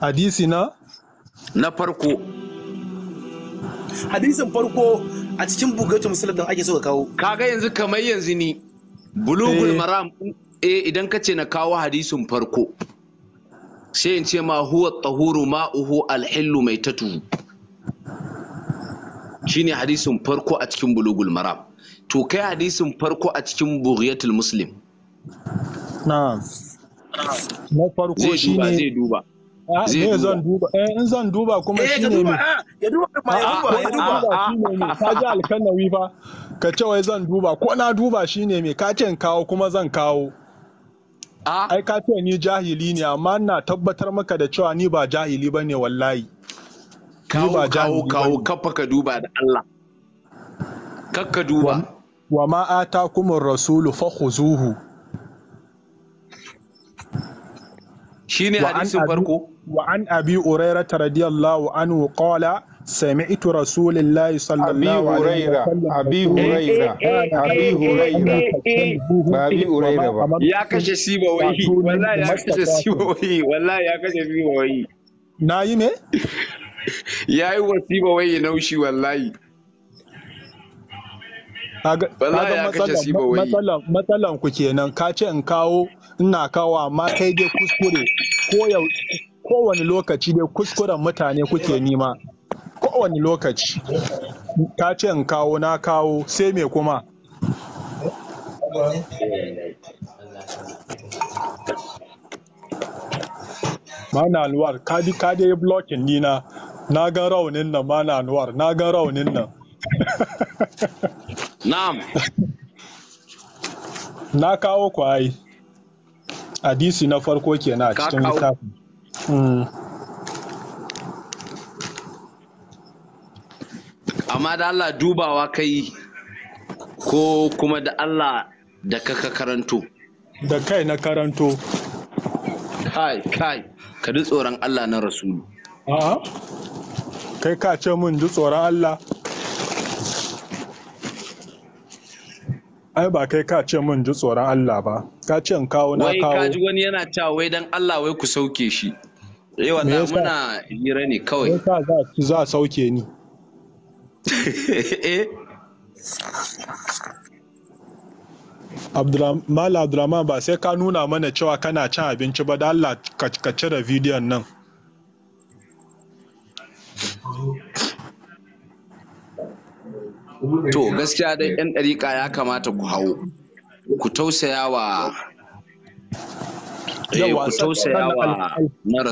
hadisi na na farko hadisin farko a cikin bugatu musulun da ake so ka kawo kaga yanzu kamar yanzu ni bulugul eh. maram eh idan ka ce na kawo hadisin farko sai in ce ma huwa tahuru ma'uhu alhillu mai tatu ne hadisin farko a cikin bulugul maram to kai hadisin farko a cikin bughiyatul muslim na farko shi duba, zai duba Ah, zai zan duba eh, in zan duba kuma eh, shi ne ah, ah, ko na duba shi ne ka ce kuma zan kawo ai ka ce ni jahili ne amma ina tabbatar maka da cewa ni ba jahili ba ne wallahi kawo kawo kafa ka duba da Allah kakka duba wa ma rasulu shine hadisin farko وعن أبي هريرة رضي الله عنه قال سمعت رسول الله صلى الله عليه وسلم أبي هريرة أبي هريرة أبي هريرة يا كش سيبوي والله يا كش سيبوي والله يا كش سيبوي نايمه يا هو سيبوي نوشي والله matsalan ku kenan ka ce in kawo ina kawo amma kai dai kuskure ko yau kowane lokaci dai kuskuren mutane kuke nima kowane lokaci ka ce in kawo na kawo sai me kuma mana anwar ka di ka dai nina na ga raunin nan mana anwar na ga raunin nan na'am na kawo ku ai hadisi na farko kenan a cikin littafin Hmm. amma da Allah dubawa kai ko kuma da Allah da ka karanto da kai na karanto kai kai ka ji tsoron Allah na rasulu a'a kai ka ce mun ji tsoron Allah ai ba kai ka ce mun ji tsoron Allah ba ka ce in kawo na kawo wai ka ji wani yana cewa wai dan Allah wai ku sauke shi Eh wannan muna hira ne kawai. Me yasa za a sauke ni? Eh. Mala Abdulrahman ba sai ka nuna mana cewa kana cin abinci ba da Allah ka cire bidiyon nan. To gaskiya dai 'yan ɗariƙa ya kamata ku hau, ku tausaya wa Eh, ku tausayawa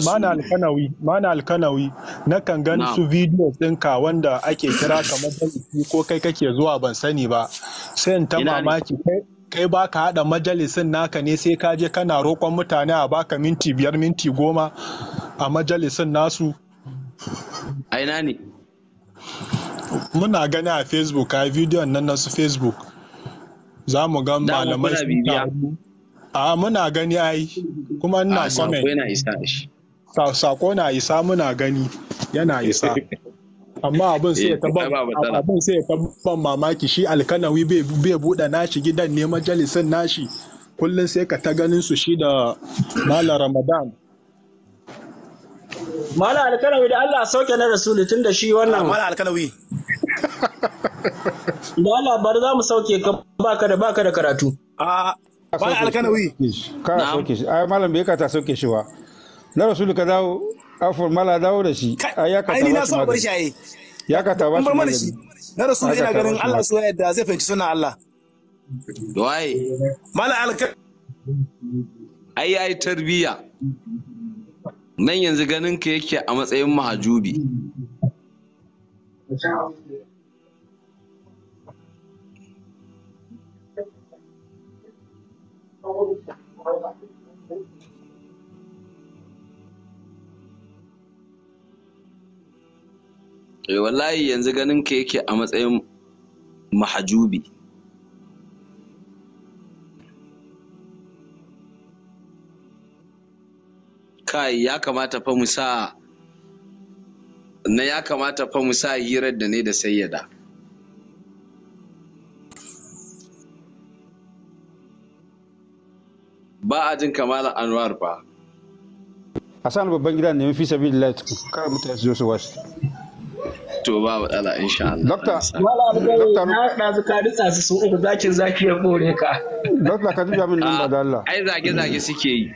mana alkanawi mana alkanawi na kan gani su videos ɗinka wanda ake kira kamar majalisi ko kai kake zuwa ban sani ba sai in ta mamaki kai ba ka haɗa majalisin naka ne sai ka je kana roƙon mutane a baka minti biyar minti goma a majalisin nasu aina ne muna gani a facebook a bidiyon nan na su facebook za mu ga malamai su a muna gani ai kuma ina samun ah, sako na isa muna gani yana isa amma abin sai eh, ta ban mamaki shi alkanawi bai buɗe nashi gidan ne majalisin nashi kullum sai ka ta ganin su shi da mala ramadan mala alkanawi da allah sauke na rasulu tun da shi wannan mala alkanawi da allah bar za mu sauke ka baka da baka da karatu ah, ba alkanawi ka shi ai malam bai ka ta sauke shi ba. na rasulu ka dawo afur mala dawo da shi ai ya ka ta shi so shi ya ka ta ba shi na rasulu ina ganin Allah su yadda zai fahimci suna Allah wai mala alka ai ai tarbiya nan yanzu ganin ka yake a matsayin mahajubi eh wallahi yanzu ganin ka yake a matsayin mahajubi kai ya kamata fa mu sa na ya kamata fa mu sa hirar da ne da sayyada ba a jin kamalan anwar ba a sa babban gida ne mafi sabi da lati kar mutane su zo su wasu to ba in sha Allah dokta dokta na su ka ritsa su su uku zakin zaki ya bore ka dokta ka tuja min nan da Allah ai zage zage suke yi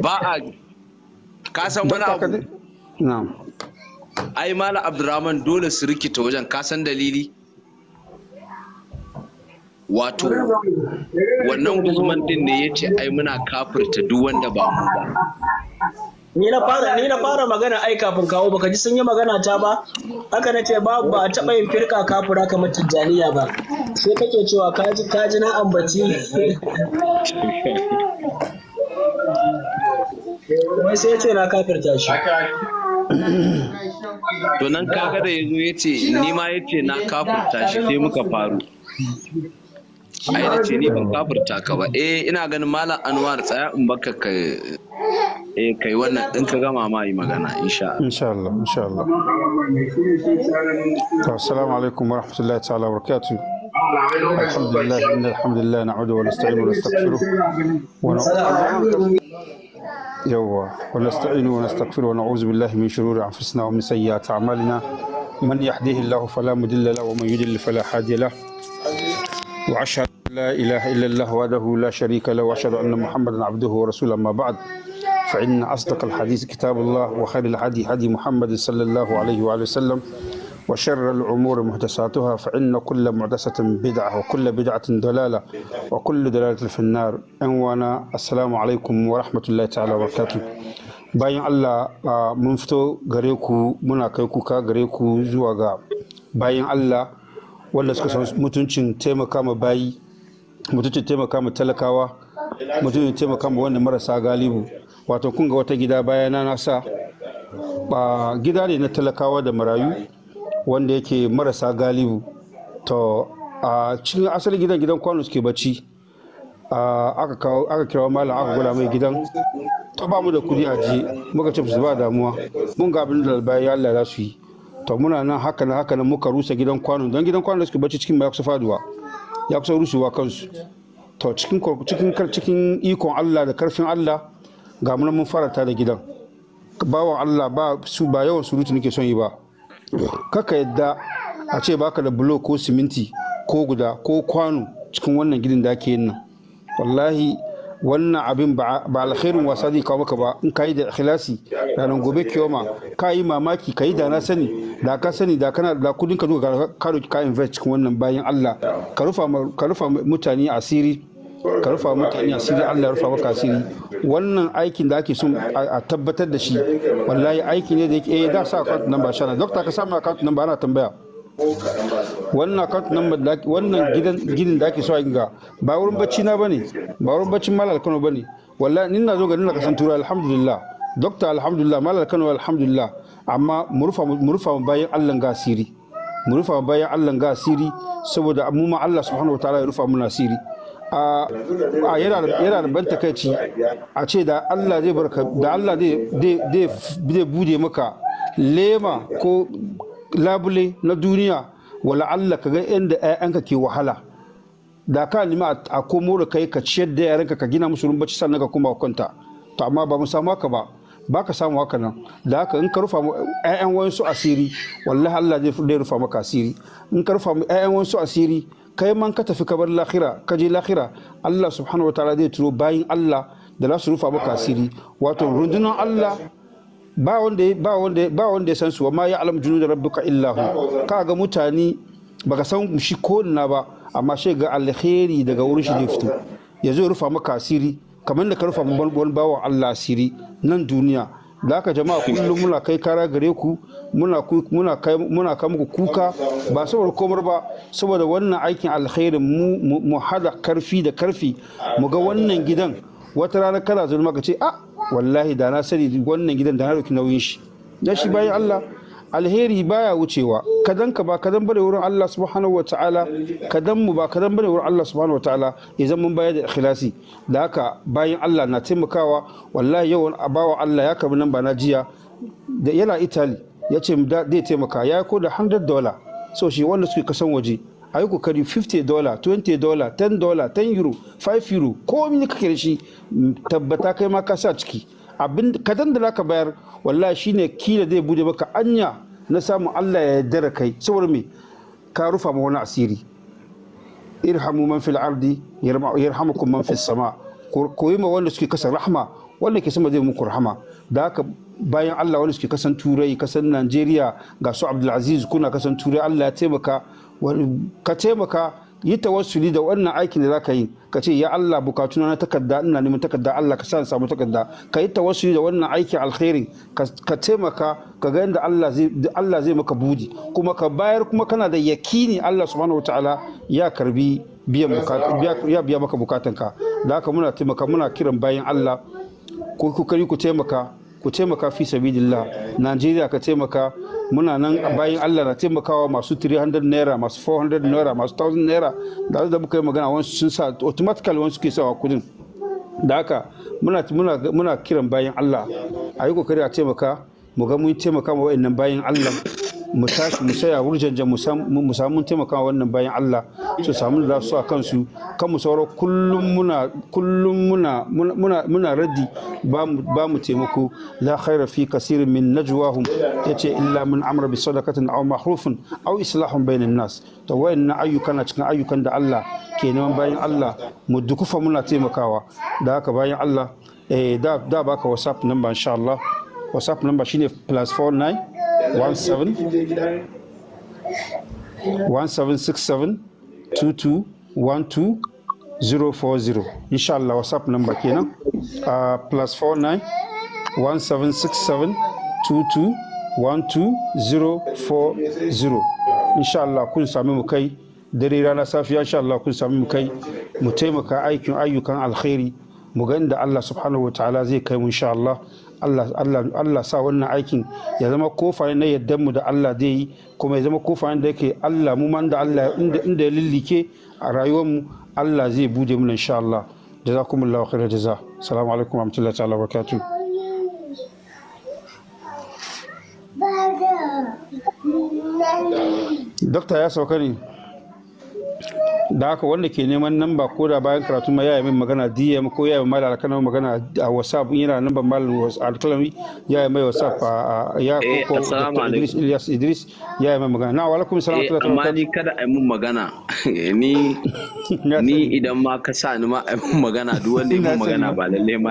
ba a ka san wani abu na'am ai mala abdurrahman dole su rikita wajen ka san dalili wato wannan guzman din ne ya ce ai muna kafirta duk wanda ba mu ba ni na fara ni na fara magana ai kafin kawo baka ji sun yi magana ta ba haka nace ba ba taba yin firka kafura kamar tijjaniya ba sai kake cewa kaji kaji na ambaci wai sai ce na kafirta shi to nan kaga da yazo yace ni ma yace na kafirta shi sai muka faru ai da ce ni ban kafirta ka ba eh ina ganin malam Anwar tsaya in baka ka eh kai wannan din ka gama ma yi magana insha Allah insha Allah insha Allah to assalamu alaikum wa rahmatullahi ta'ala wa barakatuh الحمد لله ان الحمد لله نعوذ ونستعين ونستغفره يوا ونستعين ونستغفره ونعوذ بالله من شرور انفسنا ومن سيئات اعمالنا من يهديه الله فلا مضل له ومن يضلل فلا هادي له واشهد لا اله الا الله وحده لا شريك له واشهد ان محمدا عبده ورسوله اما بعد فإن أصدق الحديث كتاب الله وخير الهدي هدي محمد صلى الله عليه وآله وسلم وشر الأمور محدثاتها فإن كل محدثة بدعة وكل بدعة دلالة وكل دلالة في النار أنوانا السلام عليكم ورحمة الله تعالى وبركاته bayan Allah mun fito gare ku muna kai kuka gare ku zuwa ga bayan Allah wanda suka san mutuncin taimaka ma bayi mutuncin taimaka ma talakawa mutuncin taimaka ma wanda marasa galibu wato kun ga wata gida bayana na sa ba gida ne na talakawa da marayu wanda yake marasa galibu to a cikin asalin gidan gidan kwano suke bacci aka kira malam aka gula mai gidan to ba mu da kudi a ji muka ce su ba damuwa mun ga abin da bayan ya Allah za su yi to muna nan haka nan haka nan muka rusa gidan kwano don gidan kwano suke bacci cikin mai ya kusa faduwa ya kusa rusuwa kansu to cikin cikin ikon Allah da karfin Allah ga mun mun farata da gidan bawan Allah ba su ba yawan surutu nake son yi ba kaka yadda a ce baka da bulo ko siminti ko guda ko kwano cikin wannan gidan da ake yin nan wallahi wannan abin ba alkhairin wasa zai kawo maka ba in ka yi da ikhlasi ranar gobe kiyoma ka yi mamaki ka yi da na sani da ka sani da kana da kudin ka duka ka ka invest cikin wannan bayan Allah ka rufa mutane asiri ka rufa mutane asiri Allah ya rufa maka asiri wannan aikin da ake son a tabbatar da shi wallahi aiki ne da yake eh da sa account number shana doctor ka samu account number ana tambaya wannan account number da wannan gidan ginin da ake so a ga ba wurin bacci na bane ba wurin baccin malal Kano bane wallahi ni na zo garin da ka san tura alhamdulillah doctor alhamdulillah malal Kano alhamdulillah amma mu rufa mu rufa bayan Allah ga asiri mu rufa bayan Allah ga asiri saboda mu ma Allah subhanahu wataala ya rufa mu asiri a yana da ban takaici a ce da Allah zai barka da Allah zai bude maka lema ko labule na duniya wala Allah ka ga inda 'ya'yanka ke wahala da ka nima a komo da kai ka ciyar da yaranka ka gina musu rumbaci sannan ka kuma kwanta to amma ba mu samu haka ba ba ka samu haka nan da haka in ka rufa ƴaƴan asiri wallahi Allah zai rufa maka asiri in ka rufa ƴaƴan asiri kai man ka tafi kabar lahira ka je lahira Allah subhanahu wataala zai turo bayin Allah da za su rufa maka asiri wato rundunar Allah ba wanda ba wanda ba wanda ya san su amma ya alam junud rabbuka illa hu ga mutane baka san shi ko na ba amma shi ga alkhairi daga wurin shi ne fito ya zo rufa maka asiri kamar da ka rufa wani bawa Allah asiri nan duniya da haka jama'a kullum muna kai kara gare ku muna kai muku kuka ba saboda komar ba saboda wannan aikin alkhairin mu hada karfi da karfi mu ga wannan gidan wata rana kana zuwa maka ce a ah, wallahi da na sani wannan gidan da na dauki nauyin shi da shi bayan Allah alheri baya wucewa kadan ka ba kadan bane wurin Allah subhanahu wa ta'ala kadan mu ba kadan bane wurin Allah subhanahu wa ta'ala idan mun bayar da ikhlasi da haka bayan Allah na taimakawa wallahi yawan abawa Allah ya kabu nan ba na jiya da yana Italy ya ce zai taimaka ya ko da 100 dollar so shi wanda suke kasan waje a yi kokari 50 dollar 20 dollar 10 dollar 10 euro 5 euro ko mini kake da shi tabbata kai ma ka sa ciki abin kadan da zaka bayar wallahi shine kila zai bude maka anya na samun Allah ya yarda kai saboda me ka rufa ma wani asiri irhamu man fil ardi yarhamukum man fis sama koyi ma wanda suke kasa rahma wanda ke sama zai muku rahama da haka bayan Allah wanda suke kasan turai kasan Najeriya ga su Abdulaziz kuna kasan turai Allah ya taimaka ka taimaka yi tawassuli da wannan aikin da zaka yi ka ce ya Allah bukatuna na takarda ina neman takarda Allah ka sa samu takarda ka yi tawassuli da wannan aikin alkhairi ka taimaka ka ga yadda Allah zai maka budi kuma ka bayar kuma kana da yakini Allah subhanahu wataala ya karbi ya biya maka bukatanka da haka muna taimaka muna kiran bayan Allah ku kokari ku taimaka ku taimaka fi sabilillah Najeriya ka taimaka muna nan bayan Allah na taimakawa masu 300 naira masu 400 naira masu 1000 naira da da muka yi magana wani sun sa automatical wani suke sawa kudin da haka muna muna kiran bayan Allah a yi kokari a taimaka mu ga mun taimaka ma wa'annan bayan Allah mu tashi mu saya wurjanje mu samu taimakawa wannan bayan Allah su samu da su a kansu kan mu sauro kullum muna kullum muna muna muna raddi ba mu taimako la khaira fi kasirin min najwahum yace illa min amra bi sadaqatin aw mahrufun aw islahun bainan nas to wayannan ayyukan na cikin ayyukan da Allah ke neman bayan Allah mu dukufa muna taimakawa da haka bayan Allah eh, da baka whatsapp number insha Allah whatsapp number shine plus 49 1767 insha Allah whatsapp number kenan uh, plus 49 1767 22 040 insha Allah kun sami mu kai dare rana safiya insha Allah kun sami mu kai mu taimaka aikin ayyukan alkhairi mu ga inda Allah subhanahu wa ta'ala zai kai mu insha Allah Allah sa wannan aikin ya zama kofayen na yaddan mu da Allah zai yi kuma ya zama kofayen da yake Allah mu man da Allah inda ya lillike a rayuwar mu Allah zai bude mu insha Allah jazakumullahu da jaza assalamu alaikum warahmatullahi ta'ala barakatuh Dokta ya sauka ne? da haka wanda ke neman namba ko da bayan karatu ma yaya min magana dm ko yaya mai alkalami magana a whatsapp yana namba mal alkalami yaya mai whatsapp a ya eh, ko idris ilyas idris yaya mai magana na wa alaikum salam ta eh, amma ni kada a mun magana ni ni idan ma ka sa ni ma a mun magana duk wanda ya mun magana ba lalle ma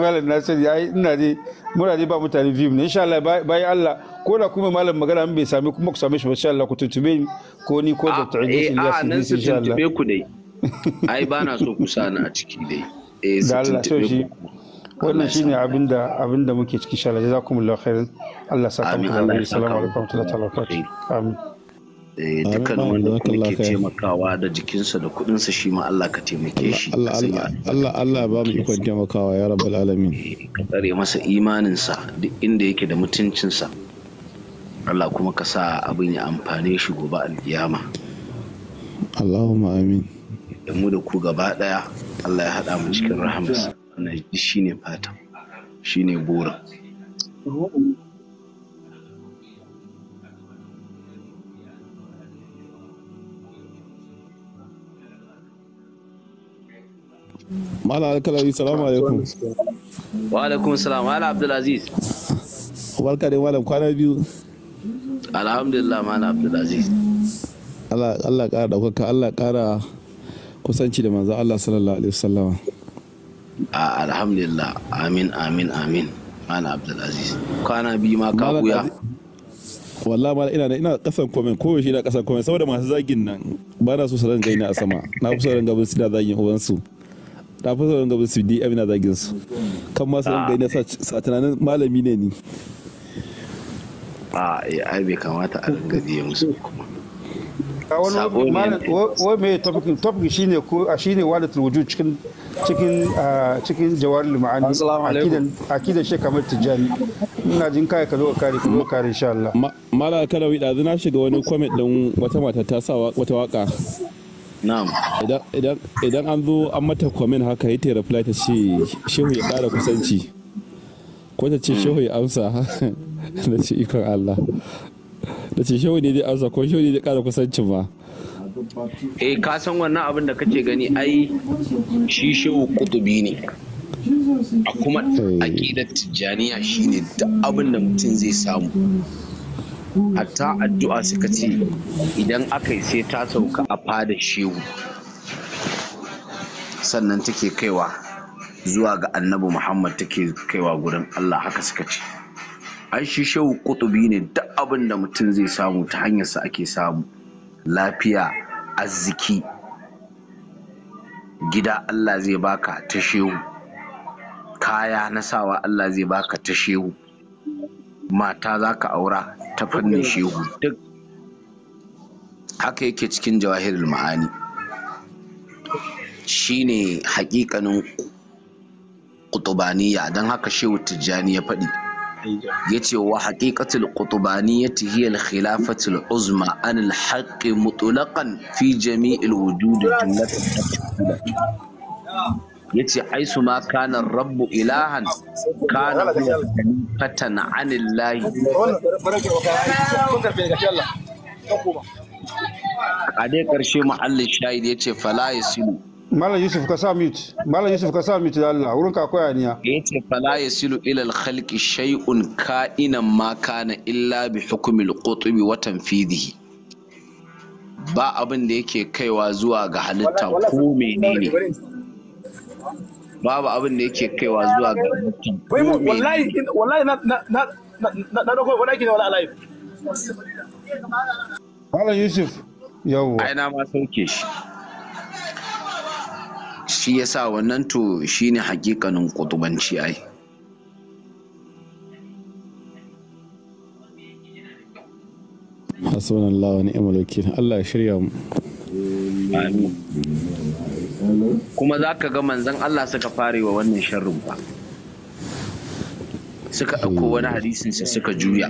malam na sani ina ji muna dai ba mutane biyu ne insha Allah bayan Allah ko da kuma malam magana mun bai sami kuma ku same shi ba insha Allah ku tuntube ni ko ni ko ah, Dr. Idris eh, ah, ya sani insha Allah tuntube ku dai ai ba na so ku sani a ciki dai eh da tuntube shi wannan shine abinda abinda muke ciki insha Allah jazakumullahu khairan Allah saka muku da assalamu alaikum wa rahmatullahi wa barakatuh amin Eh, dukkan wanda kuma ke taimakawa da jikinsa da kudinsa shi ma Allah ka taimake shi Allah Allah ba mu ikon taimakawa ya rabbal alamin eh, ka tsare masa imaninsa duk inda yake da mutuncinsa Allah kuma ka sa abin ya amfane shi gobe alkiyama Allahumma amin da mu da ku gaba daya Allah ya hada mu cikin rahamarsa wannan shine fata shine burin Mala Alkalari, salamu alaikum. Wa alaikum salam, Mala Abdulaziz. Barka da malam kwana biyu. Alhamdulillah Mala Abdulaziz. Allah ƙara ɗaukaka, Allah ƙara kusanci da manzo Allah sallallahu alaihi wasallam. Alhamdulillah, amin, amin, amin. Mala Abdulaziz. Kwana biyu ma ka wallah ma ina ina kasan komen ko shi ina kasan komen saboda masu zagin nan ba na so su ranga ina a sama na fi so ranga bin da zagin uwansu. su na fi sauran gaba su di amina zagin su kan masu ran gani sa tunanin malami ne ni a ah, eh, ai bai kamata a ringa biye musu kuma wani mai tafi topikin shine ko shine wadatul wujud cikin cikin ah, cikin jawarul ma'ani akidan akidan shi kamar tijani ina jin kai ka zo kare ka zo kare insha Allah mala kalawi da na shiga wani comment din wata mata ta sa wata waka idan an zo an mata kwamin haka yi reply ta ce shehu ya ƙara kusanci ko ta ce shehu ya amsa da ce ikon Allah da ce shehu ne zai amsa ko shehu ne zai ƙara kusanci ma eh ka san wannan abin da kake gani ai shi shehu kutubi ne a kuma eh. aƙidar tijjaniya shine duk abin da mutum zai samu hatta addu'a suka ce idan aka yi sai ta sauka a fada shehu sannan take kaiwa zuwa ga annabi muhammad take kaiwa gurin allah haka suka ce an shi shehu kutubi ne duk abin da mutum zai samu ta hanyarsa ake samu lafiya arziki gida allah zai baka ta shehu kaya na sawa allah zai baka ta shehu mata za ka aura ta fannin shehu duk haka yake cikin jawahirul ma'ani shine hakikanin kutubaniya don haka shehu tijjani ya faɗi ya ce wa haƙiƙatul ƙutubaniyati hiya al-khilafatul uzma an al-haqqi fi jami'il da jumlatan yace aisu ma kana rabbu ilahan kana fatan anillahi a dai karshe mu'allin shahid yace fala yasilu Malam Yusuf ka sa mute. Malam Yusuf ka sa mute da Allah wurin ka koya niya. Yace fala yasilu ila al-khalqi shay'un ka'inan ma kana illa bi hukmi al-qutbi wa tanfidihi. Ba abin da yake kaiwa zuwa ga halitta ko menene. babu abin da yake kaiwa zuwa ga mutum wallahi wallahi na na na na na na na na na na Yusuf yawo ma sauke shi shi yasa wannan to ne hakikanin kutubanci ai Hasbunallahu wa Allah ya shirya mu kuma za ka ga manzan Allah suka fare wa wannan sharrin ba suka ɗauko wani hadisinsa suka juya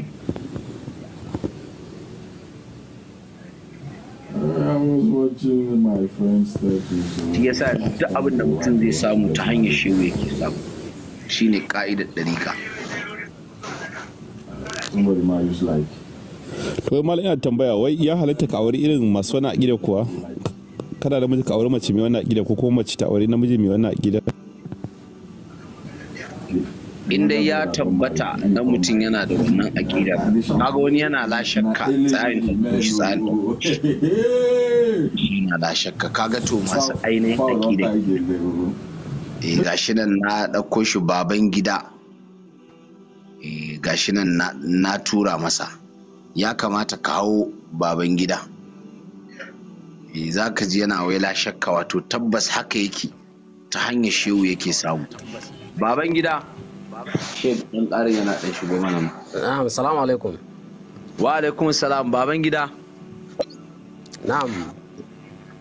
shi sa duk abin da mutum zai samu ta hanyar shewa yake samu shine ka'idar ɗarika Wai mal ina tambaya wai ya halatta ka aure irin masu wani a gida kuwa? kana da miji ka aure mace mai wannan aƙida ko kuma mace ta aure namiji mai wannan aƙida in dai ya tabbata na mutum yana da wannan aƙida kaga wani yana la shakka tsarin shi tsarin yana la shakka kaga to masu ainihin aƙida eh gashi nan na ɗauko shi baban gida eh gashi nan na tura masa ya kamata ka hau baban gida Eh, za ka ji yana wai la shakka wato tabbas haka yake ta hanyar shehu yake samu baban gida yana ɗan shigo mana na'am salamu alaikum wa alaikum salam baban gida na'am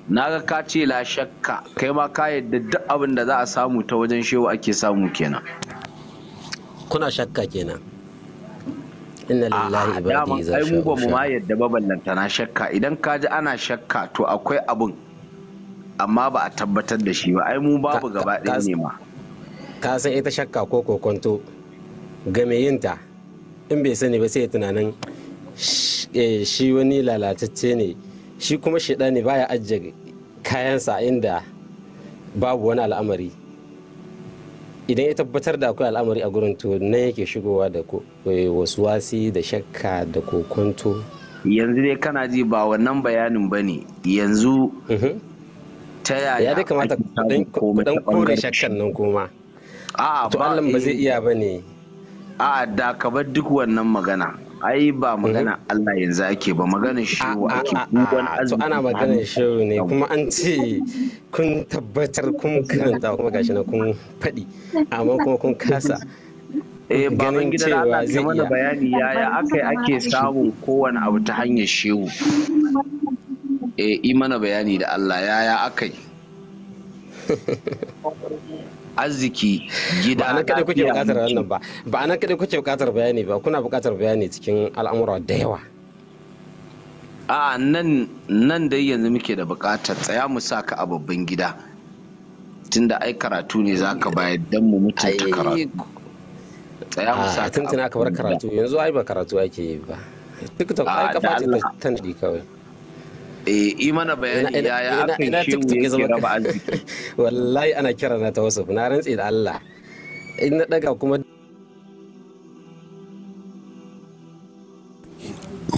na ga ka ce la shakka kai ma ka yadda duk abin da za a samu ta wajen shehu ake samu kenan kuna shakka kenan inna lillahi da iza ai mu ba mu ma yadda ba ballanta na shakka idan ka ji ana shakka to akwai abun amma ba a tabbatar da shi ba ai mu babu gaba ɗaya ne ma ka san ita shakka ko kokonto ga yin yinta in bai sani ba sai tunanin eh, shi wani lalatacce ne shi kuma shida ne baya ajiye kayansa inda babu wani al'amari idan ya tabbatar da akwai al'amari a gurin to nan yake shigowa da eh, wasu wasi da shakka da kokonto yanzu dai kana ji ba wannan bayanin ba ne yanzu mhm. ta yaya ya dai kamata kudan kore shakkan nan kuma To a'a ba zai eh. iya ba ne a'a da ka bar duk wannan magana ai ba magana eh? Allah yanzu ake ba magana shehu ake duban azumi ana magana shehu ne kuma an ce kun tabbatar kun karanta kuma gashi na kun faɗi amma kuma kun kasa eh baban gidan Allah ke mana bayani yaya akai ake samun kowane abu ta hanyar shehu eh yi mana bayani da Allah yaya akai arziki gida ba kada kuke bukatar wannan ba ba anan kada kuke bukatar bayani ba kuna bukatar bayani cikin al'amura da yawa a nan nan dai yanzu muke da bukatar tsaya mu saka a babban gida tunda ai karatu ne zaka bayar dan mu mutunta karatu tsaya mu saka tuntuna ka bar karatu yanzu ai ba karatu ake yi ba TikTok ai kafa ta tanadi kawai eh yi mana bayani yaya akan shehu yake raba arziki wallahi ana na tawassuf na rantsi da Allah in daga kuma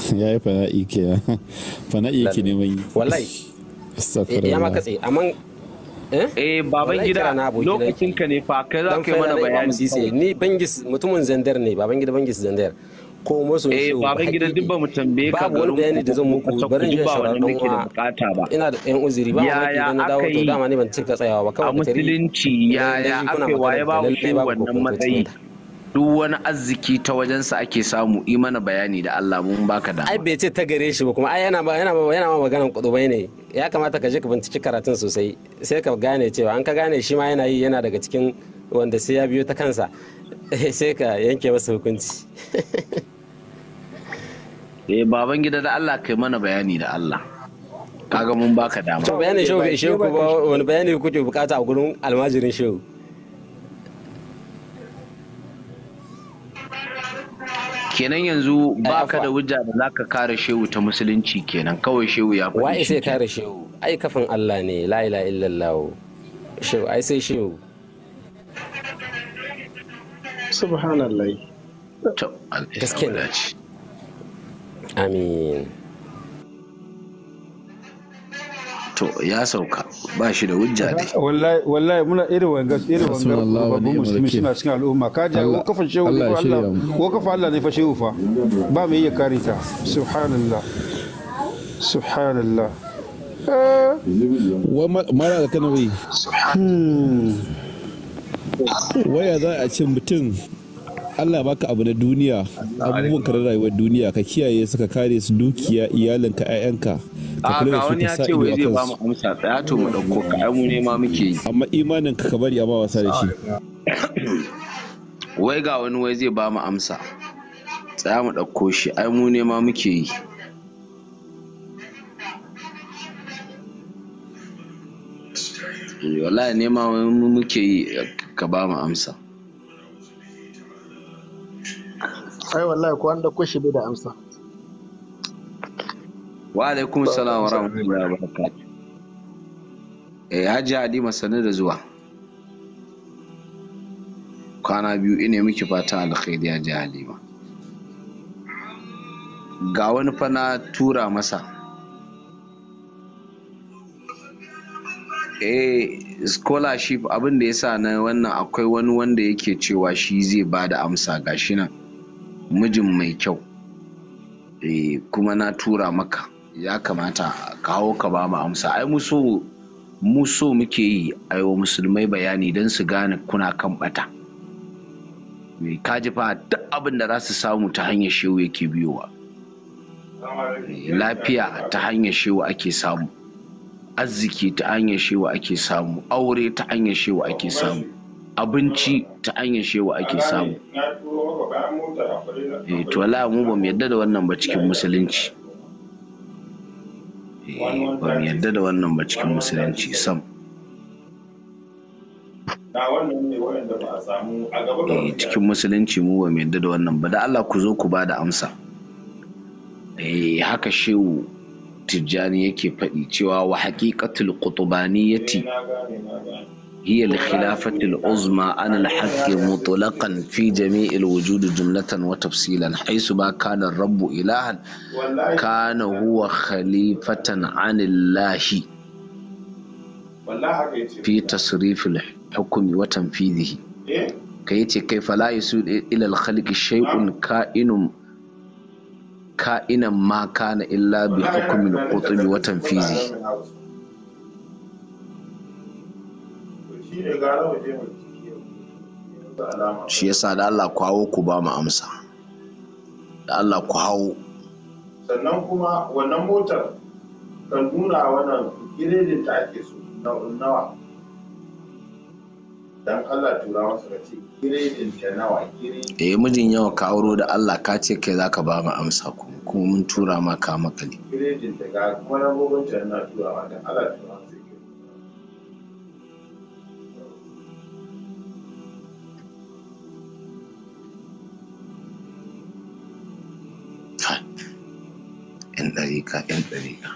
ya yi fana'i ke eh, ya fana'i eh? eh baban gida lokacin ka ne fa kai yi mana bayani ni bangis mutumin zandar ne baban gida bangis zandar ko maso eh baban gidan duk ba mu tambaye ka babu wani bayani da zan muku barin jin shawarar dan ba ina da ɗan uzuri ba wani na dawo to dama ne ban cika tsayawa ba kawai musulunci eh, yaya aka waye ba wannan matsayi duk wani arziki ta wajensa ake samu yi mana bayani da Allah mun baka da ai bai ce ta gare shi ba kuma ai yana yana yana ba maganar kudubai ne ya kamata ka je ka binciki karatun sosai sai ka gane cewa an ka gane shi ma yana yi yana daga cikin wanda sai ya biyo ta kansa sai ka yanke masa hukunci eh baban gida da Allah kai mana bayani da Allah kaga mun baka dama to bayanin shehu ke shehu ko wani bayani kuke bukata a gurin almajirin shehu kenan yanzu baka da wujja da zaka kare shehu ta musulunci kenan kawai shehu ya faɗi wai sai kare shehu ai kafin Allah ne la ilaha illallah shehu ai sai shehu subhanallah to gaskiya amin to ya sauka ba shi da hujja ne wallahi muna irin wanga irin wanga babban musulmi suna cikin al'umma ka ji ko kafa shehu ne Allah ko kafa Allah ne fa shehu fa ba mai iya kare ta subhanallah subhanallah eh. Wai mara da kanawi hmm. waya za a ce mutum Allah baka abu na duniya abubuwan karar rayuwar duniya ka kiyaye suka kare su dukiya iyalinka ayyanka ka kula da su ka sa ido akan su ya to mu dauko ka ai mu ne ma muke yi amma imanin ka ka bari a ba wasa da shi wai ga wani wai zai ba mu amsa tsaya mu dauko shi ai mu ne ma muke yi wallahi ma muke yi ka ba mu amsa ai wallahi ko an dauko shi bai da amsa wa alaikum salam wa rahmatullahi wa barakatuh eh haji hadi masana da zuwa kwana biyu ina miki fata alkhairi hajji halima ga wani fa na tura masa eh scholarship abin da ya sa na wannan akwai wani wanda yake cewa shi zai ba da amsa gashi nan mijin mai kyau e, kuma na tura maka ya kamata kawo ka ba mu amsa ai muso muso muke yi aiwa musulmai bayani don su gane kuna kan bata e, eh, kaji fa duk abin da za su samu ta hanyar shehu yake biyowa eh, lafiya ta hanyar shehu ake samu arziki ta hanyar shewa ake samu aure ta hanyar shewa ake samu abinci ta hanyar shewa ake samu eh, to la mu bamu yadda da wannan ba cikin musulunci eh, ba bamu yadda da wannan ba cikin musulunci sam eh, cikin musulunci mu bamu yadda da wannan ba da Allah ku zo ku bada amsa haka shewu tijjani yake faɗi cewa wa haƙiƙatul qutbaniyati هي الخلافة العظمى عن الحق مطلقا في جميع الوجود جملة وتفصيلا حيث ما كان الرب إلها كان هو خليفة عن الله في تصريف الحكم وتنفيذه كيتي كيف لا يسود إلى الخلق شيء كائن كائنا ما كان إلا بحكم القطب وتنفيذه shi yasa da Allah ku hawo ku ba mu amsa da Allah ku hawo sannan kuma wannan motar kan nuna wannan giredin ta ake so nawa dan Allah tura masa ka ce giredin ta nawa giredin eh mijin yawa ka auro da Allah ka ce kai zaka ba mu amsa kuma kuma mun tura maka makali giredin ta ga kuma na gogon ta na tura dan Allah tura masa ɗarika ƴan ɗarika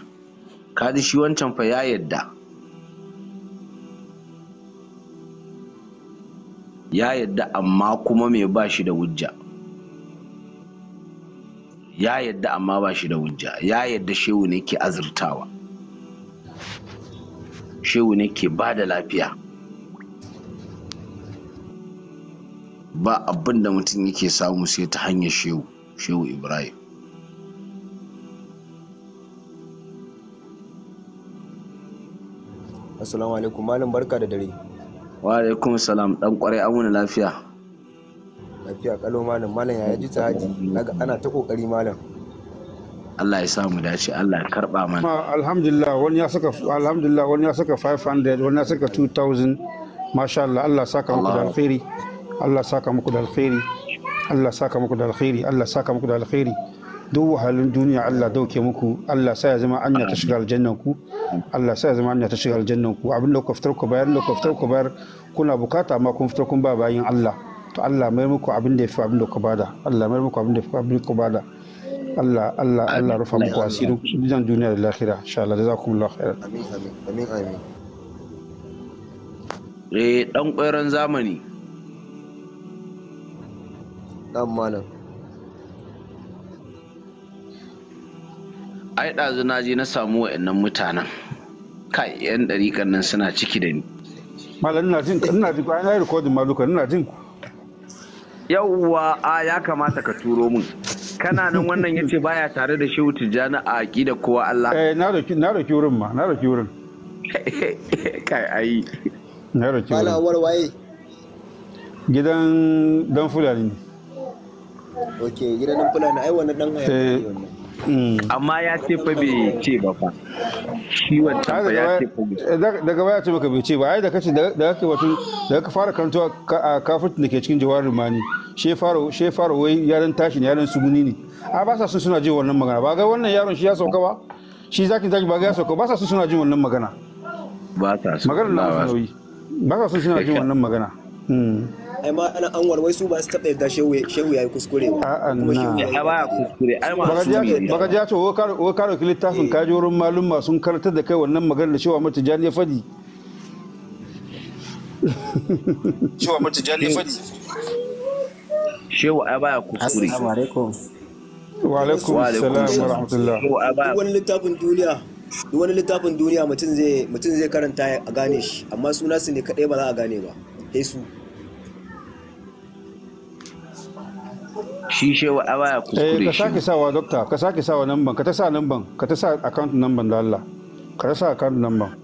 ka ji shi wancan fa ya yadda ya yadda amma kuma mai ba shi da wujja ya yadda amma ba shi da wujja ya yadda shehu ne ke azurtawa shehu ne ke ba da lafiya ba abinda mutum yake samu sai ta hanyar shehu shehu ibrahim assalamu alaikum malam barka da dare wa alaikum salam dan kwarai an wani lafiya lafiya kalo malam malam ya ji ta haji naga ana ta kokari malam Allah ya sa mu dace Allah ya karba mana alhamdulillah wani ya saka alhamdulillah wani ya saka 500 wani ya saka 2000 masha Allah Allah saka muku da alkhairi Allah saka muku da alkhairi Allah saka muku da alkhairi Allah saka muku da alkhairi duk wahalin duniya Allah dauke muku Allah sa ya zama anya ta shiga aljannan ku Allah sa zama hanya ta shiga aljannan ku abin da ku fitar ku bayar da ku bayar kuna bukata amma kun fitar kun ba bayin Allah to Allah mai muku abin da yafi abin da ku bada Allah mai muku abin da yafi abin da ku bada Allah Allah Allah rufa muku asirin duniya duniya da lahira insha Allah jazakumullahu khairan amin amin amin amin eh dan koyron zamani dan malam ai ɗazu na je na samu wa'annan mutanen kai yan ɗariƙan nan suna ciki da ni malam ina jin ina jin ai na recording maluka ina jin yawwa a ya kamata ka turo mun kana nan wannan yace baya tare da shehu tijjani a aqida kowa Allah eh na roki na roki wurin ma na roki wurin kai ai na roki wurin malawar waye gidan dan fulani ne ok gidan dan fulani ai wannan dan haya ne eh, wannan amma ya ce fa bai ce ba fa shi wancan ba ya ce fa eh, daga baya ce maka bai ce ba ai da kace da kake wato da ka fara karantawa kafin da ke cikin jawarin rumani she faro she faro wai yaran tashi ne yaran suguni ne a ba sa sun suna jin wannan magana ba ga wannan yaron shi ya sauka ba shi zaki zaki ba ga ya sauka ba sa sun suna jin wannan magana ba sa sun magana ba sa sun suna jin wannan magana hmm. ai ma ana an warwai su ba su taɓa yadda shehu ya yi kuskure ba na shehu ya ba kuskure ai ma baka ja to wa karo ki littafin ka ji wurin malumma sun karantar da kai wannan maganar da cewa mata jani ya fadi cewa mata jani ya fadi shehu ai ba kuskure assalamu alaikum wa alaikum assalam wa rahmatullah wani littafin duniya duk wani littafin duniya mutum zai karanta a gane shi amma suna su ne kadai ba za a gane ba sai su shi wa a ya kuskure eh, shi ka sake sawa dokta ka sake sawa namban ka ta sa namban ka ta sa account namban da Allah ka ta sa account namban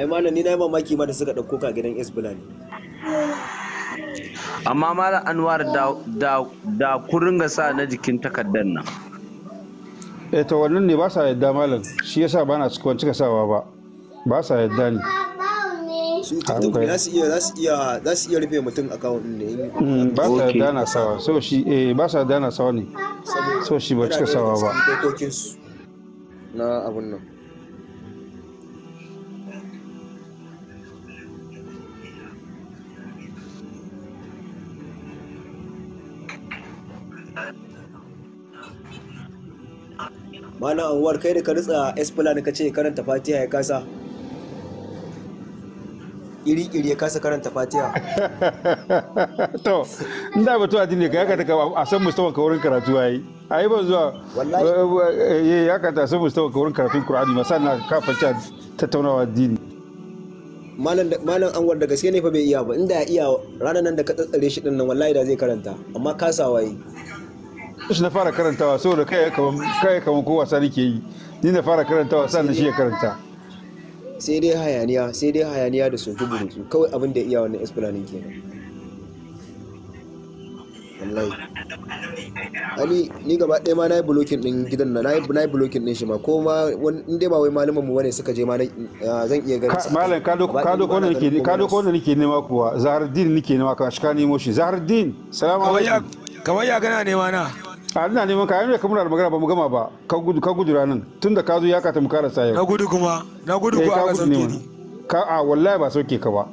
ai mana ni na yi mamaki ma da suka ɗauko ka gidan esbila amma mala anwar da da gasa sa na jikin takardar nan eh to wannan ne ba sa yadda malam shi yasa ba na cikin cika sawa ba ba sa yadda ne su tiktok ne za su iya rufe mutum a kawo ne ba sa yadda na sawa so shi eh ba sa yadda na sawa ne so shi ba cika sawa ba na abun nan malam anwar kai da ka ritsa esplan ka ce karanta fatiha ya kasa iri-iri ya kasa karanta fatiha to in da batu addini ka yaka ta a san mustawa ka wurin karatu yayi ayi ban zuwa wallahi eh, eh, ya ka ta san mustawa ka wurin karatun qur'ani masana ka fata tattaunawa dini malam malam anwar da gaske ne fa bai iya ba inda ya iya ranar nan da ka tsatsare shi din nan wallahi da zai karanta amma kasawa yi shi na fara karantawa saboda kai kai kaman ko wasa nake yi ni na fara karanta karantawa na shi ya karanta sai dai hayaniya sai dai hayaniya da soke burutsu kawai abin da iya wannan esplanin kenan wallahi ali ni gaba ɗaya ma na yi blokin ɗin gidan na na yi blokin ɗin shi ma ko ma in dai ba wai malaman mu wane suka je ma zan iya ganin sa malam ka doko wanda nake ka doko wanda nake nema kuwa zahar din nake nema ka shi ka nemo shi zahar din salamu alaikum kawai ya gana nema na a ina neman ka da kamar magana ba mu gama ba ka gudu ka gudu ranan tunda ka zo ya kata mu karasa yau na gudu kuma na gudu eh, ko aka sauke ni ka a wallahi ba sauke ka ba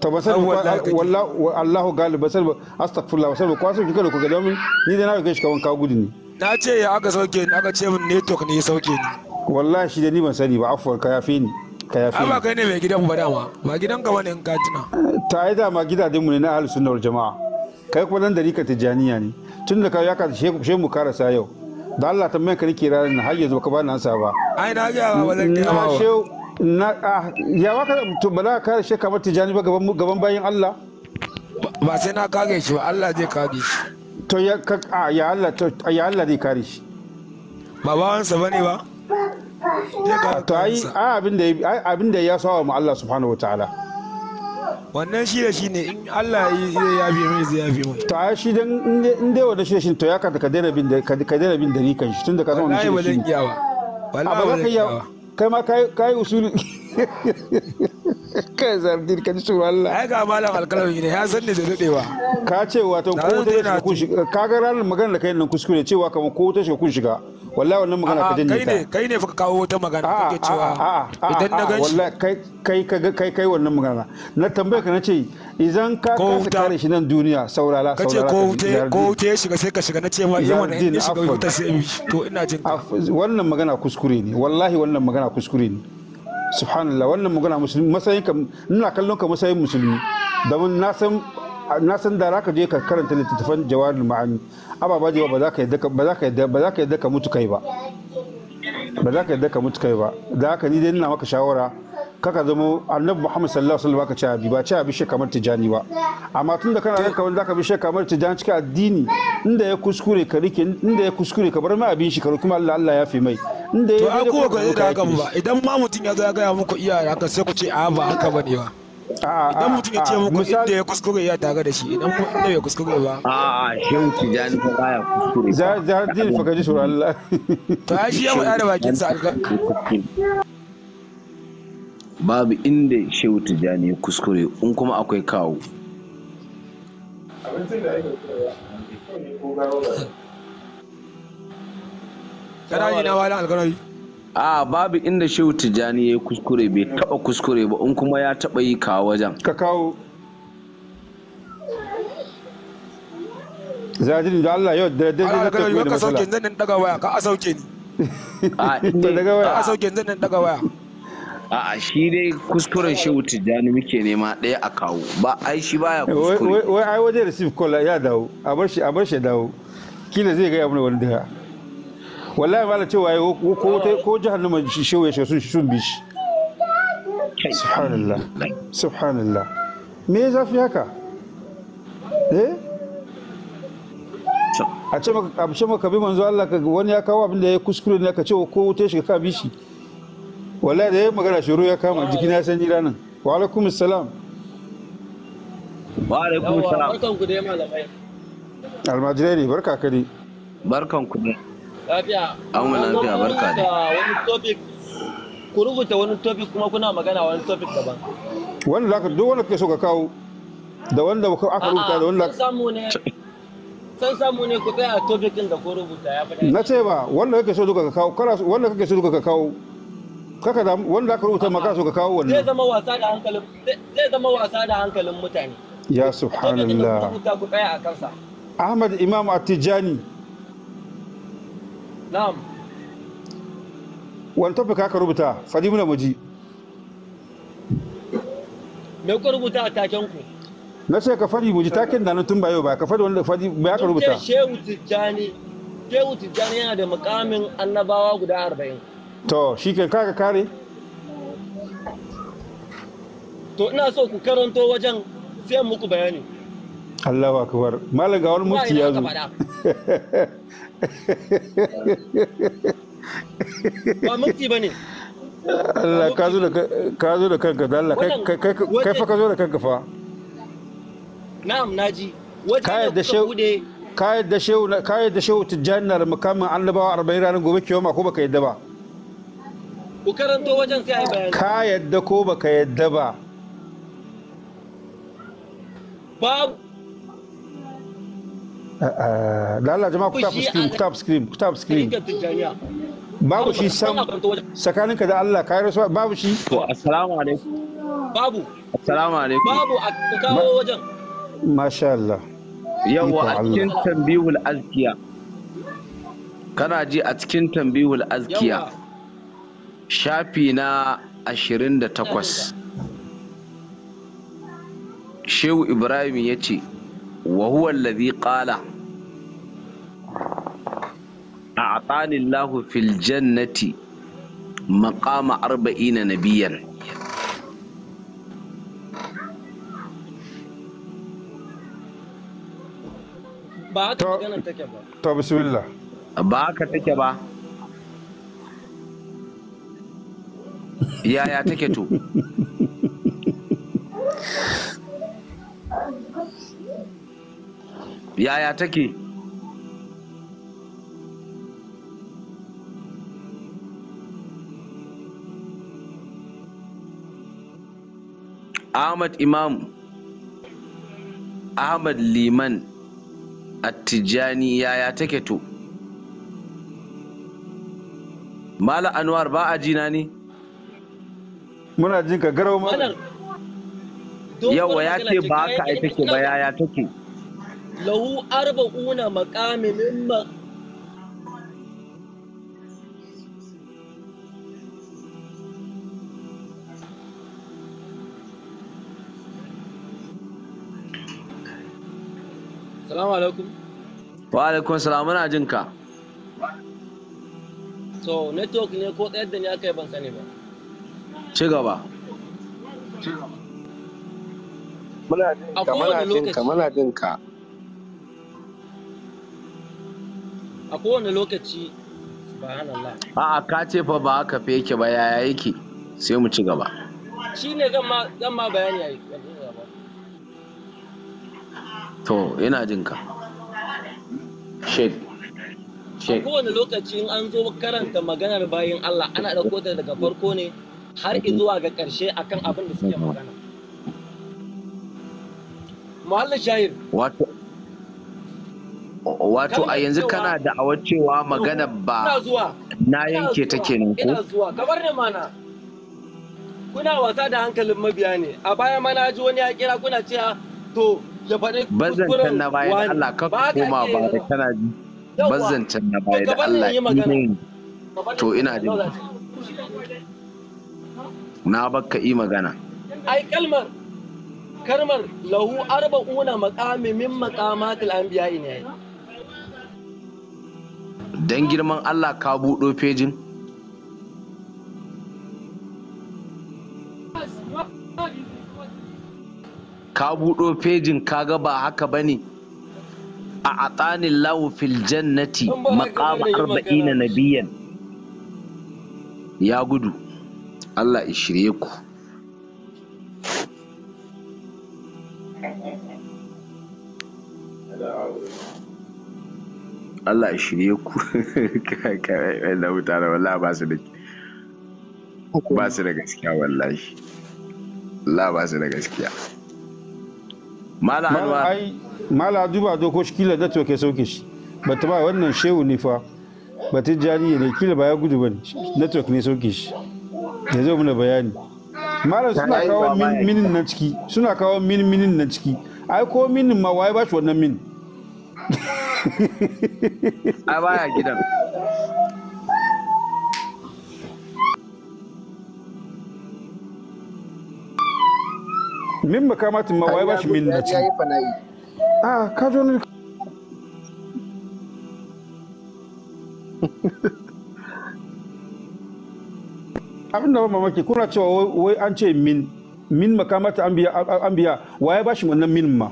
to ba san wallahi Allahu ba san astaghfirullah san ko sauke ka da ku ga domin ni da na ga shi kawan ka gudu ni na ce ya aka sauke ni aka ce min network ne ya sauke ni wallahi shi da ni ban sani ba afwar ka yafe ni ka ni kai ne mai gidan ba dama ba gidan ka wani in ka tuna ta yi dama gidajenmu ne na ahlus sunna wal jamaa kai kuma nan da ni ka tijaniya ne tun da ka ya ka she mu karasa yau da Allah ta mai ka kira na har yanzu baka na sa ba ai na ga ba zan ga ba na ah, ya waka to bala ka kare sheka mata jani ba gaban gaban bayin Allah ba sai na kage shi ba Allah zai kage shi to ya ka ya Allah to ya Allah zai kare shi ba bawansa bane ba to ai abin da abin da ya sawa mu Allah subhanahu wataala wannan shi da shi ne in Allah ya yafi mai zai yafi mai to ai shi dan in dai wanda shi da shi to ya ka ka daina bin ka daina bin ni kan shi tunda ka zama shi wallahi ba zan kiyawa wallahi ba zan kiyawa kai ma kai kai usuli kai zardin ka ji tsoron Allah ai ga malam alkalami ne ya san ne da dadewa ka ce wato ko ta shiga kun shiga ka ga ranar magana da kai nan kuskure cewa kamar ko ta shiga kun shiga wallahi wannan magana ka danne kai ne kai ne fa ka kawo wata magana kake cewa idan na ganshi wallahi kai kai kai kai kai wannan magana na tambaye ka na ce idan ka kasa kare shi nan duniya saurala saurala ce ko hute ko wuta ya shiga sai ka shiga na ce ma idan wannan ya shiga ta sai to ina jin wannan magana kuskure ne wallahi wannan magana kuskure ne subhanallah wannan magana musulmi matsayin ka nuna kallon ka matsayin musulmi domin na san na san da zaka je ka karanta littattafan jawarul ma'ani ababa jewa ba za ka yadda ba za ka yadda ba za yadda ka mutu kai ba ba za yadda ka mutu kai ba da haka ni dai ina maka shawara kaka zama annabi muhammad sallallahu alaihi wasallam ka ci abi ba ci abi shi kamar tijani ba amma tunda kana ga kamar zaka bi shi kamar tijani cikin addini inda ya kuskure ka rike inda ya kuskure ka bar mai abin shi ka kuma Allah Allah ya fi mai inda ya yi ko ka da hakan ba idan ma mutun ya zo ya ga muku iyaye haka sai ku ce a ba haka ne ba idan mutum ya ce muku inda ya kuskure ya tare da shi idan inda ya kuskure ba a shin tijani fa ya kuskure za za din fa ka ji sura Allah to shi ya mu da bakin sa babu inda shehu tijjani ya kuskure in kuma akwai kawo a babu inda shehu tijjani ya kuskure bai taba kuskure ba in kuma ya taba yi kawo wajen ka kawo zajiru da Allah yau da dai da kai ka sauke daga waya ka a ni a inda daga waya zan daga waya a'a shi dai kuskuren shehu tijjani muke nema ɗaya a kawo ba ai shi baya eh, kuskure wai ai waje receive call ya dawo a bar shi a bar shi dawo kila zai ga abin wani da wallahi mala cewa ko ko jahannama shehu ya shiga sun bi shi subhanallah subhanallah me zafi haka eh a ce maka bi manzo Allah ka wani ya kawo abin da ya kuskure ne ka ce ko wuta shiga ka bi shi wallahi da yayin magana shiru ya kama jiki na sanyi ranan wa alaikum salam wa alaikum salam barkan ku dai malamai almajirai ne barka kadi barkan ku dai lafiya an wani lafiya barka dai wani topic ku rubuta wani topic kuma kuna magana wani topic daban wanda zaka duk wanda kake so ka kawo da wanda aka rubuta da wanda samu ne san samu ne ku tsaya topic din da ku rubuta ya fi na ce ba wanda kake so duka ka kawo wanda kake so duka ka kawo kaka da wanda aka rubuta maka so ka kawo wannan zai zama wasa da hankalin zai zama wasa da hankalin mutane ya subhanallah ku tsaya a kansa Ahmad Imam Atijani na'am wani tafi ka rubuta fadi muna muji me ku rubuta a taken ku na sai ka fadi muji taken da na tun bayo ba ka fadi wanda fadi ba ka rubuta shehu Tijani shehu tijjani yana da mukamin annabawa guda arba'in. to shi ke kare kare to ina so ku karanto wajen sai muku bayani Allahu akbar malam ga wani ya zo ba ba bane Allah ka zo da kanka da Allah kai fa ka zo da kanka fa na'am naji wajen da ku bude ka da shehu shehu tijjani na da makamin annabawa 40 ranar gobe ma ko baka yadda ba ku karanto wajen sai ai bayani ka yadda ko baka yadda ba babu lala jama'a ku tap screen ku tap screen ku tap screen babu shi sam ka da Allah ka rasuwa babu shi to assalamu alaikum babu assalamu alaikum babu a kawo wajen masha Allah yawa a cikin tambiwul azkiya kana ji a cikin tambiwul azkiya yawa shafi na ashirin da takwas shehu ibrahim ya ce wa huwa alladhi qala a'tani allahu fil jannati maqama arba'ina nabiyan ba haka take ba to bismillah ba haka take ba yaya take to yaya take Ahmad Imam Ahmad Liman Attijani yaya take to Mala Anwar ba a jina ne? muna jin ka garau malam yawa ya ce ba ka ai take ba yaya take lahu arba'una maqami mimma Salamu alaikum. Wa alaikum salam muna jin ka. So network ne ko tsayar da ni aka yi ban sani ba. Ci gaba. Muna jinka, muna muna A kowane lokaci, subhanallah. A'a ka ce fa ba aka fi yake ba ya yake sai mu ci gaba. Shi ne zan ma bayani a yi. To, ina jinka. Sheikh. A kowane lokaci in an zo karanta maganar bayin Allah ana da daga farko ne har mm-hmm. zuwa ga ƙarshe akan abin da suke magana muhallin Shahir. wato wato a yanzu kana da awar cewa magana ba na yanke ta kenan ko ina zuwa kamar ne mana kuna wasa da hankalin mabiya ne a baya mana ji wani ya kira kuna cewa to ya faɗi kuskuren na bayan Allah ka koma ba da kana ji bazantan na bayan Allah to ina da na bakka yi magana ai kalmar kalmar lahu arba'una maqami min maqamatil anbiya ne dan girman Allah ka buɗo fejin ka buɗo fejin kaga ba haka bane a atanin lahu fil jannati maqama arba'ina nabiyan ya gudu Allah ya shirye ku Allah ya shirye ku da mutane wallahi ba su da ba su da gaskiya wallahi Allah ba su da gaskiya Malam Anwar Malam duba doko shi kila da to ke sauke shi ba ta ba wannan shehu ne fa ba ta jariye ne kila ba ya gudu ba network ne sauke shi ya zo mana bayani malam suna kawo minin na ciki suna kawo minin minin na ciki ai ko minin ma waye ba shi wannan min a baya gidan min ba kamatin ma waye ba shi minin na ciki ah ka jo ne abinda ba mamaki kuna cewa wai an ce min min makamata an biya waye ba shi wannan min ma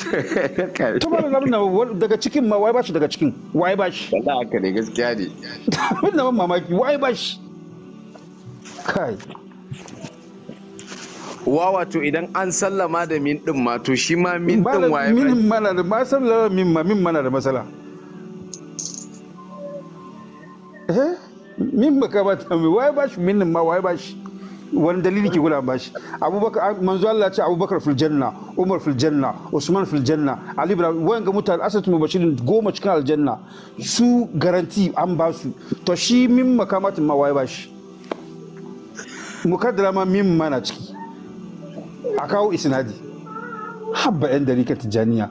tuba da abin daga cikin ma waye ba shi daga cikin waye ba shi wanda haka ne gaskiya ne abin da ba mamaki waye ba shi kai wa wato idan an sallama da min din ma to shi ma min din waye ba min mana da ma sallama min ma min mana da masala eh min ba ka bata mai waye shi min ma waye ba shi? wani dalili ke ba shi? abubakar manzo Allah ce abubakar fil janna umar fil janna usman fil janna ali ibn wayan ga mutane mu mubashirin goma cikin aljanna su garanti an ba su to shi min makamatin ma waye ba bashi mukaddara ma min mana ciki a kawo isnadi habba yan dariƙar tijaniya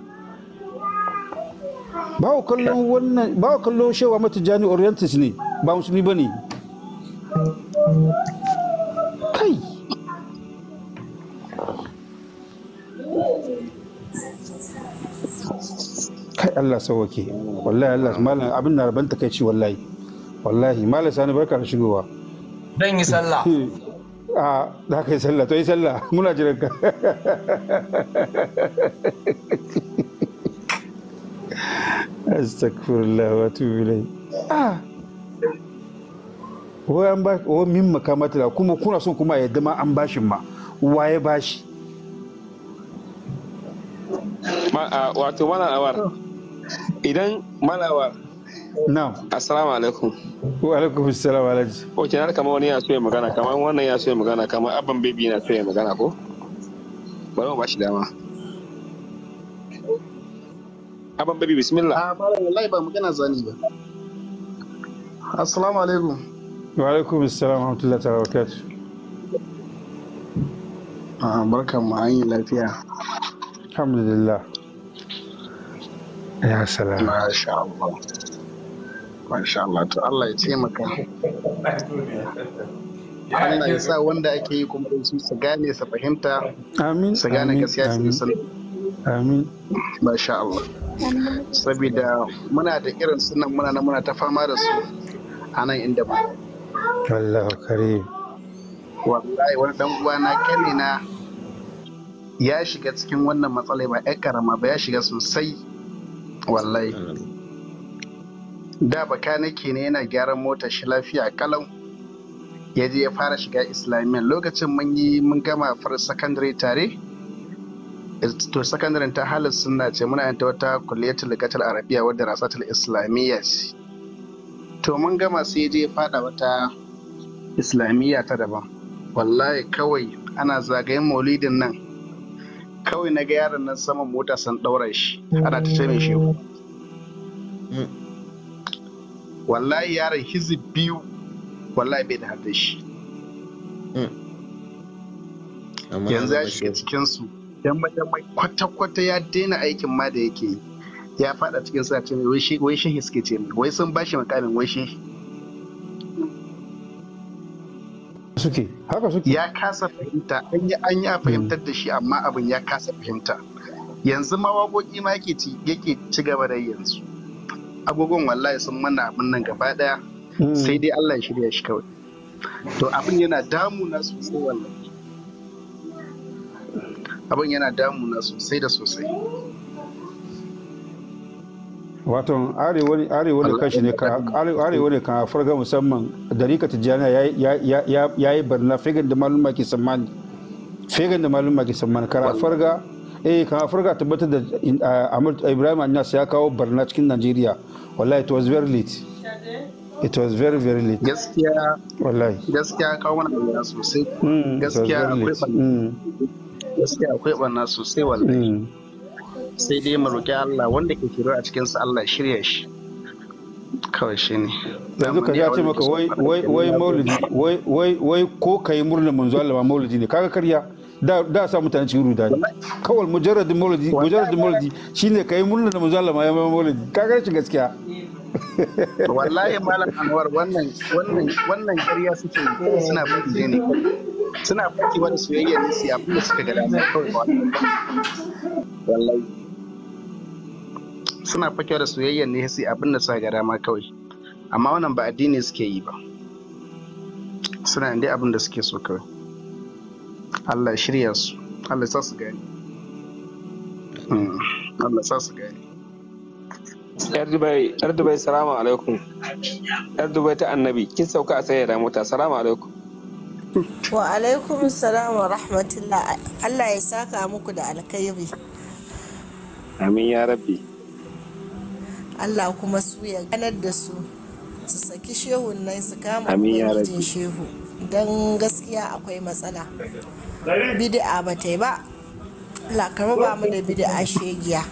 bawa kallon wannan bawa kallon shewa matijani orientis ne ba musulmi ba ne kai kai Allah sauwake wallahi Allah malam abin na rabanta kai ci wallahi wallahi malam sani barka da shigowa dan yi sallah a da ka yi sallah to yi sallah muna jiran astagfirullah wato bilai ah wai an ba min makamata kuma kuna son kuma yadda ma an bashin ma waye bashi ah, wato malawar oh. idan malawar na'am assalamu alaikum wa alaikum assalam alaji o kenan kamar wani ya so ya magana kamar wannan ya so ya magana kamar abban baby na so ya magana ko bari mu bashi dama Aban babi bismillah. A ah, malam wallahi ba magana zani ba. Assalamu alaikum. Wa alaikum assalam wa rahmatullahi wa barakatuh. Ah barkan mu an yi lafiya. Alhamdulillah. Ya salam. Masha Allah. Masha Allah to Allah ya taimaka. Allah ya sa wanda ake yi kuma su su gane su fahimta. Amin. Su gane gaskiya su san. Amin. Masha Allah. saboda muna da irin sunan muna na muna ta fama da su a nan inda mu Allah kare. wallahi wani dan uwa na kene na ya shiga cikin wannan matsala ba ƴar karama ba ya shiga sosai wallahi da baka nake ne yana gyaran mota shi lafiya kalau ya je ya fara shiga islamiyya lokacin mun yi mun gama far secondary tare Eh, to secondary ta halin suna ce muna yanta wata kulliyatul likatar arabiya wadda rasatul islamiyya ce to mun gama sai je fada wata islamiyya ta daban wallahi kawai ana zagayen maulidin nan kawai na ga yaron nan saman mota sun daura shi ana ta mai shehu wallahi yaron hizi biyu wallahi bai da shi hmm. yanzu ya shiga cikinsu mai kwata-kwata ya daina aikin ma da yake yi ya fada cikin sa ce wai shi wai shi hiske ce wai sun bashi makamin wai shi suke haka suke ya kasa fahimta an yi an ya fahimtar da shi amma abin ya kasa fahimta yanzu ma wagogi ma yake ci yake ci gaba da yanzu agogon wallahi sun mana abin nan gaba daya hmm. sai dai Allah ya shirya shi kawai to abin yana damuna sosai wallahi abin yana damuna sosai da sosai wato arewa ne kashi ne arewa ne kan afirka musamman darika tijjani ya yi barna fegan da malumma ke tsammani fegan da malumma ke tsammani kan afirka eh kan afirka tabbatar da amur eh, ibrahim anyas ya kawo barna cikin nigeria wallahi it was very late it was very very late gaskiya wallahi gaskiya kawo mana sosai mm, gaskiya akwai gaskiya akwai barna sosai wallahi hmm. sai dai mu roƙi Allah wanda ke shirya a cikin sa Allah shirya shi kawai shi ne yanzu ka ji a ce maka wai wai wai maulidi wai wai wai ko kai murnar manzo Allah ba maulidi ne kaga karya da da sa mutane cikin ruda kawai mujarradin maulidi mujarradin maulidi shine kai murnar manzo Allah ma ya maulidi kaga shi gaskiya wallahi malam anwar wannan wannan wannan ƙarya suke yi suna buɗe ne suna buɗe wani soyayya ne su abin da suka gada mai kawai ba wallahi suna fakewa da soyayya ne su abin da suka gada ma kawai amma wannan ba addini suke yi ba suna inda abin da suke so kawai Allah shirya su Allah sa su gani hmm. Allah sa su gani yar dubai salamu alaikum yar dubai ta annabi kin sauka a da mota salamu alaikum wa alaikum salam wa rahmatullah Allah ya saka muku da alkhairi amin ya rabbi Allah kuma su ya ganar da su su saki shehun nan su kama mijin shehu don gaskiya akwai matsala bid'a ba ta yi ba Allah ba mu da bid'a shegiya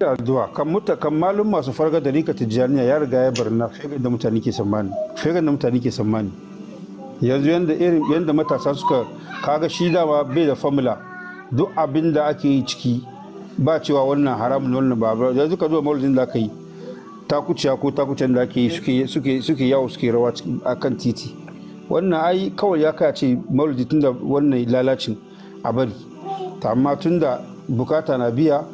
da addu'a kan muta kan malum masu farga da rika tijjaniya ya riga ya barna fiye da mutane ke tsammani fiye da mutane ke sammani yanzu yanda irin yanda matasa suka kaga shi dama bai da formula duk abin da ake yi ciki ba cewa wannan haramun wannan babu yanzu ka zuwa maulidin da aka yi takuciya ko takuciyar da ake yi suke yawo suke rawa a kan titi wannan ai kawai ya kaya ce maulidi tunda wannan lalacin a bari amma tunda bukata na biya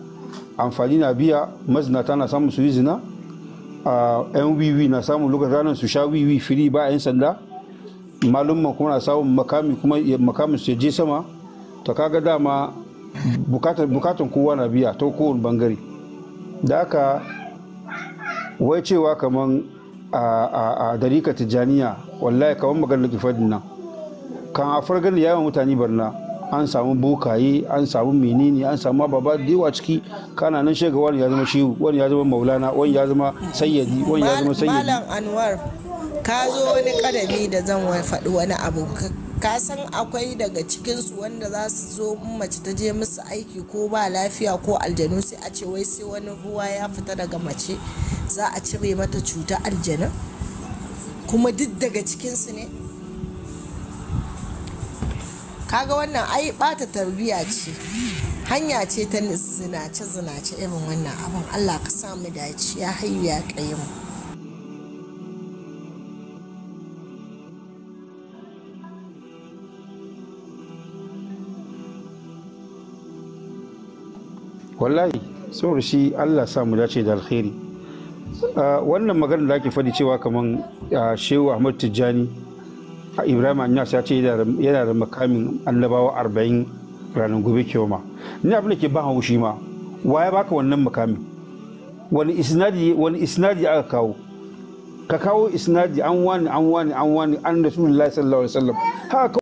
amfani na biya mazinata na samun su yi yan wiwi na samun lokacin ranar su sha wiwi firi ba yan sanda malumman kuma na samun makami kuma makamin su je sama ta kaga dama bukatan kowa na biya ta kowane bangare da aka wai cewa kaman a darika tijjaniya wallahi kaman maganar kifadin nan kan a fargar yawan mutane barna an samu bokaye an samu menene an samu ababa da yawa ciki kana nan shega wani ya zama shi wani ya zama maulana wani ya zama sayyadi wani ya zama sayyadi malam anwar ka zo wani kadami da zan faɗi wani abu ka san akwai daga cikinsu wanda za su zo mace ta je musu aiki ko ba lafiya ko aljanu sai a ce wai sai wani ruwa ya fita daga mace za a cire mata cuta aljanu kuma duk daga cikinsu ne kaga wannan ai bata tarbiyya ce hanya ce ta zinace zinace irin wannan abin allah ka samu dace ya hayu ya mu. wallahi saboda shi allah samu dace da alkhairi ah, wannan magana da ake faɗi cewa kamar ah, shehu ahmad tijjani ibrahim anyas ya ce yana da makamin annabawa arba'in ranar gobe ma ni abin da ke ban haushi ma wa ya baka wannan makamin wani isnadi wani isnadi aka kawo ka kawo isnadi an wani an wani an wani an rasulullahi sallallahu alaihi wasallam haka